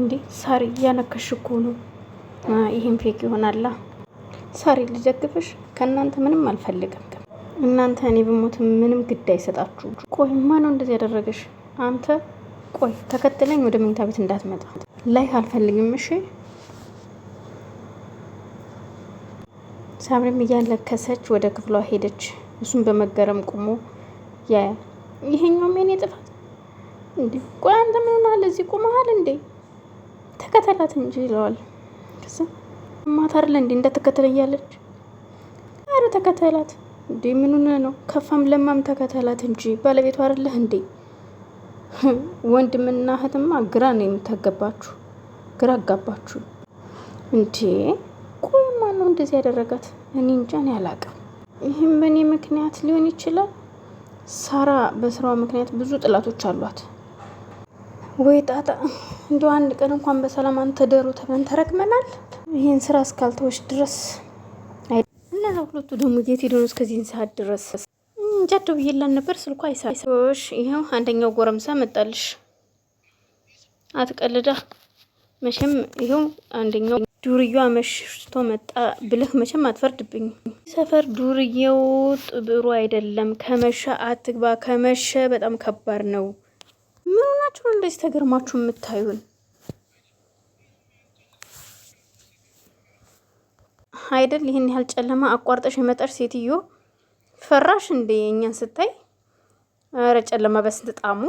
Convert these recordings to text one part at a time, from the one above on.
እንዴ ሳሪ እያነከሽ እኮ ነው። ይህም ፌክ ይሆናላ። ሳሪ ልደግፍሽ፣ ከእናንተ ምንም አልፈልግም። እናንተ እኔ ብሞት ምንም ግድ አይሰጣችሁ። ቆይ ማነው እንደዚህ ያደረገሽ? አንተ ቆይ ተከትለኝ፣ ወደ መኝታ ቤት እንዳትመጣ ላይ አልፈልግም። እሺ ሳምሪም እያለከሰች ወደ ክፍሏ ሄደች። እሱም በመገረም ቁሞ ያያል። ይሄኛውም የኔ ጥፋት እንዴ? ቆይ አንተ ምን ሆነሃል? እዚህ ቁመሃል እንዴ? ተከተላት እንጂ ይለዋል። ማታር ለእንዲ እንደተከተለ እያለች አረ ተከተላት እንዲ ምኑን ነው ከፋም ለማም ተከተላት እንጂ ባለቤቱ አይደለህ እንዴ? ወንድምና እህትማ ግራ ነው የምታገባችሁ፣ ግራ አጋባችሁ እንዴ። ቆይ ማን ነው እንደዚህ ያደረጋት? እኔ እንጃ እኔ ይህም በእኔ ምክንያት ሊሆን ይችላል። ሳራ በስራዋ ምክንያት ብዙ ጥላቶች አሏት ወይ ጣጣ እንደ አንድ ቀን እንኳን በሰላም አንተደሩ ተብለን ተረግመናል። ይህን ስራ እስካልተወች ድረስ እነዛ ሁለቱ ደግሞ የት ሄደው ነው እስከዚህን ሰዓት ድረስ? እንጃዶ ብዬላን ነበር። ስልኳ አይሳሽ። ይኸው አንደኛው ጎረምሳ መጣልሽ። አትቀልዳ መቼም። ይኸው አንደኛው ዱርዮ አመሽቶ መጣ ብለህ መቼም አትፈርድብኝ ሰፈር ዱርዬው ጥብሩ አይደለም። ከመሸ አትግባ። ከመሸ በጣም ከባድ ነው። ምን ሆናችሁ ነው እንደዚህ ተገርማችሁ የምታዩን? አይደል ይህን ያህል ጨለማ አቋርጠሽ የመጣሽ ሴትዮ ፈራሽ እንዴ? እኛን ስታይ ኧረ ጨለማ በስንት ጣሙ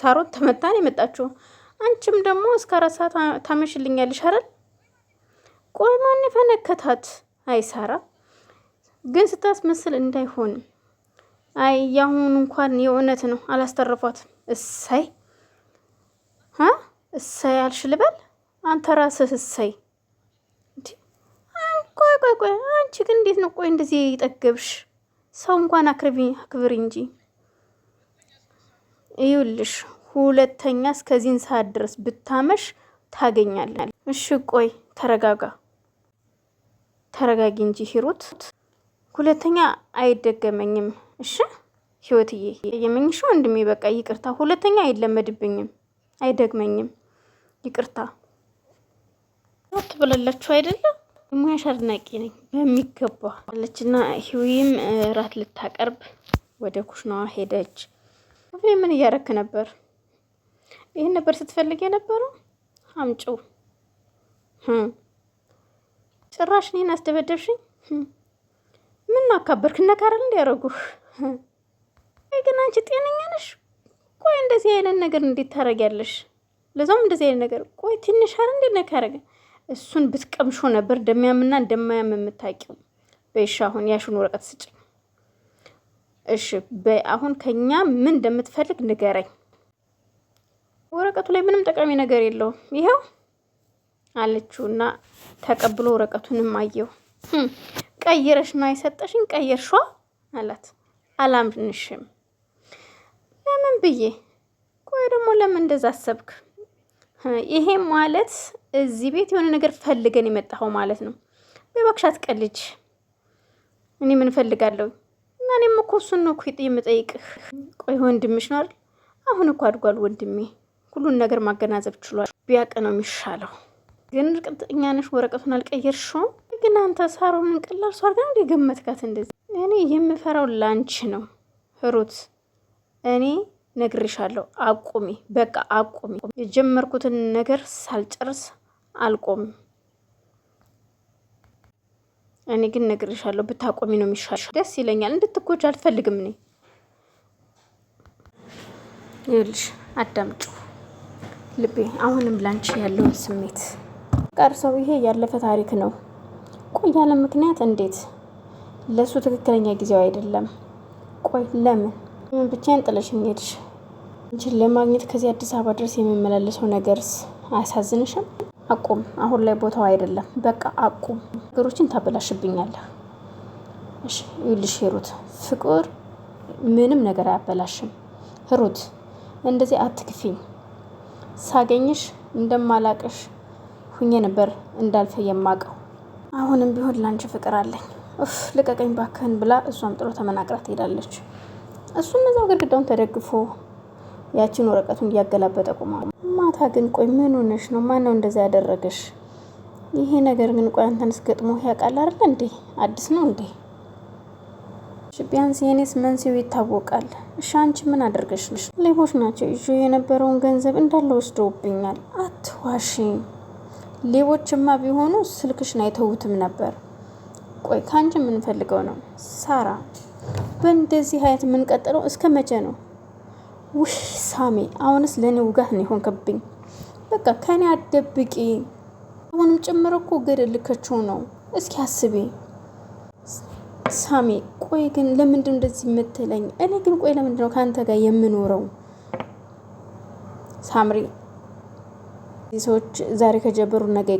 ሳሮን ተመታን የመጣችሁ አንቺም ደግሞ እስከ አራት ሰዓት ታመሽልኛለሽ አይደል? ቆይ ማን የፈነከታት? አይ ሳራ ግን ስታስመስል እንዳይሆን። አይ ያሁን እንኳን የእውነት ነው አላስተረፏትም። እሰይ እሰይ አልሽ ልበል አንተ ራስህ እሰይ። ቆይ ቆይ ቆይ አንቺ ግን እንዴት ነው ቆይ እንደዚህ የጠገብሽ? ሰው እንኳን አክብሪ እንጂ። ይኸውልሽ ሁለተኛ እስከዚህን ሰዓት ድረስ ብታመሽ ታገኛለን። እሺ ቆይ ተረጋጋ፣ ተረጋጊ እንጂ ሂሩት። ሁለተኛ አይደገመኝም። እሺ ህይወትዬ የምኝሽ ወንድሜ፣ በቃ ይቅርታ። ሁለተኛ አይለመድብኝም፣ አይደግመኝም። ይቅርታ ትብለላችሁ አይደለም ሙያሽ አድናቂ ነኝ በሚገባ አለችና ህዊም እራት ልታቀርብ ወደ ኩሽናዋ ሄደች። እኔ ምን እያረክ ነበር? ይህን ነበር ስትፈልግ የነበረው? አምጪው። ጭራሽ እኔን አስደበደብሽኝ። ምን አካበርክ? እነካረል እንዲያረጉህ ግን አንቺ ጤነኛ ነሽ? ቆይ እንደዚህ አይነት ነገር እንዴት ታደርጊያለሽ? ለዛውም እንደዚህ አይነት ነገር ቆይ ትንሽ አር እንዴት ነው ካረገ እሱን ብትቀምሾ ነበር እንደሚያምና እንደማያም የምታውቂው። በይሻ አሁን ያሽን ወረቀት ስጭ። እሺ በይ አሁን ከኛ ምን እንደምትፈልግ ንገረኝ። ወረቀቱ ላይ ምንም ጠቃሚ ነገር የለውም ይኸው አለችው እና ተቀብሎ ወረቀቱንም አየው። ቀይረሽ ነው የሰጠሽኝ ቀየርሿ አላት። አላምንሽም ብዬ ቆይ ደግሞ ለምን እንደዛ አሰብክ? ይሄ ማለት እዚህ ቤት የሆነ ነገር ፈልገን የመጣኸው ማለት ነው። በባክሻት ቀልጅ እኔ ምን ፈልጋለሁ? እና እኔም እኮ እሱን ነው እኮ የምጠይቅህ። ቆይ ወንድምሽ ነው አይደል? አሁን እኮ አድጓል ወንድሜ፣ ሁሉን ነገር ማገናዘብ ችሏል። ቢያውቅ ነው የሚሻለው። ግን እርግጠኛ ነሽ ወረቀቱን አልቀየርሽውም? ግን አንተ ሳሮንን ቀላል ሰው አድርገን እንደ ገመትካት እንደዚህ። እኔ የምፈራው ላንቺ ነው ሩት እኔ ነግርሻለሁ። አቁሚ፣ በቃ አቁሚ። የጀመርኩትን ነገር ሳልጨርስ አልቆም። እኔ ግን ነግርሻለሁ፣ ብታቆሚ ነው የሚሻልሽ። ደስ ይለኛል። እንድትጎጂ አልፈልግም። እኔ ይኸውልሽ፣ አዳምጩ ልቤ አሁንም ላንቺ ያለውን ስሜት ቀርሰው፣ ይሄ ያለፈ ታሪክ ነው። ቆይ ያለ ምክንያት እንዴት? ለሱ ትክክለኛ ጊዜው አይደለም። ቆይ ለምን ብቻዬን ጥለሽ የሚሄድሽ አንቺን ለማግኘት ከዚህ አዲስ አበባ ድረስ የምመላለሰው ነገርስ አያሳዝንሽም? አቁም። አሁን ላይ ቦታው አይደለም። በቃ አቁም። ነገሮችን ታበላሽብኛለህ። እሺ ይልሽ ሂሩት፣ ፍቅር ምንም ነገር አያበላሽም። ሩት፣ እንደዚህ አትክፊኝ። ሳገኝሽ እንደማላቅሽ ሁኜ ነበር እንዳልፈ የማቀው። አሁንም ቢሆን ላንቺ ፍቅር አለኝ። ኡፍ ልቀቀኝ ባክህን ብላ እሷም ጥሎ ተመናቅራ ትሄዳለች። እሱም እዛው ግድግዳውን ተደግፎ ያችን ወረቀቱን እያገላበጠ ቆሟል። ማታ ግን ቆይ ምን ሆነሽ ነው? ማን ነው እንደዛ ያደረገሽ? ይሄ ነገር ግን ቆይ አንተን እስገጥሞ ያውቃል አይደል እንዴ? አዲስ ነው እንዴ? ቢያንስ የኔስ መንስኤው ይታወቃል። እሺ አንቺ ምን አደርገሽ? ሌቦች ናቸው ይዞ የነበረውን ገንዘብ እንዳለ ወስደውብኛል። አትዋሺ። ሌቦችማ ቢሆኑ ስልክሽን አይተውትም ነበር። ቆይ ከአንቺ የምንፈልገው ነው ሳራ በእንደዚህ አይነት የምንቀጥለው እስከ መቼ ነው? ውሽ ሳሜ፣ አሁንስ ለእኔ ውጋት ነው የሆንክብኝ። በቃ ከኔ አደብቂ። አሁንም ጭምር እኮ ገደል ልከችው ነው። እስኪ አስቢ ሳሜ። ቆይ ግን ለምንድን እንደዚህ የምትለኝ? እኔ ግን ቆይ ለምንድን ነው ከአንተ ጋር የምኖረው? ሳምሪ፣ ሰዎች ዛሬ ከጀበሩ ነገ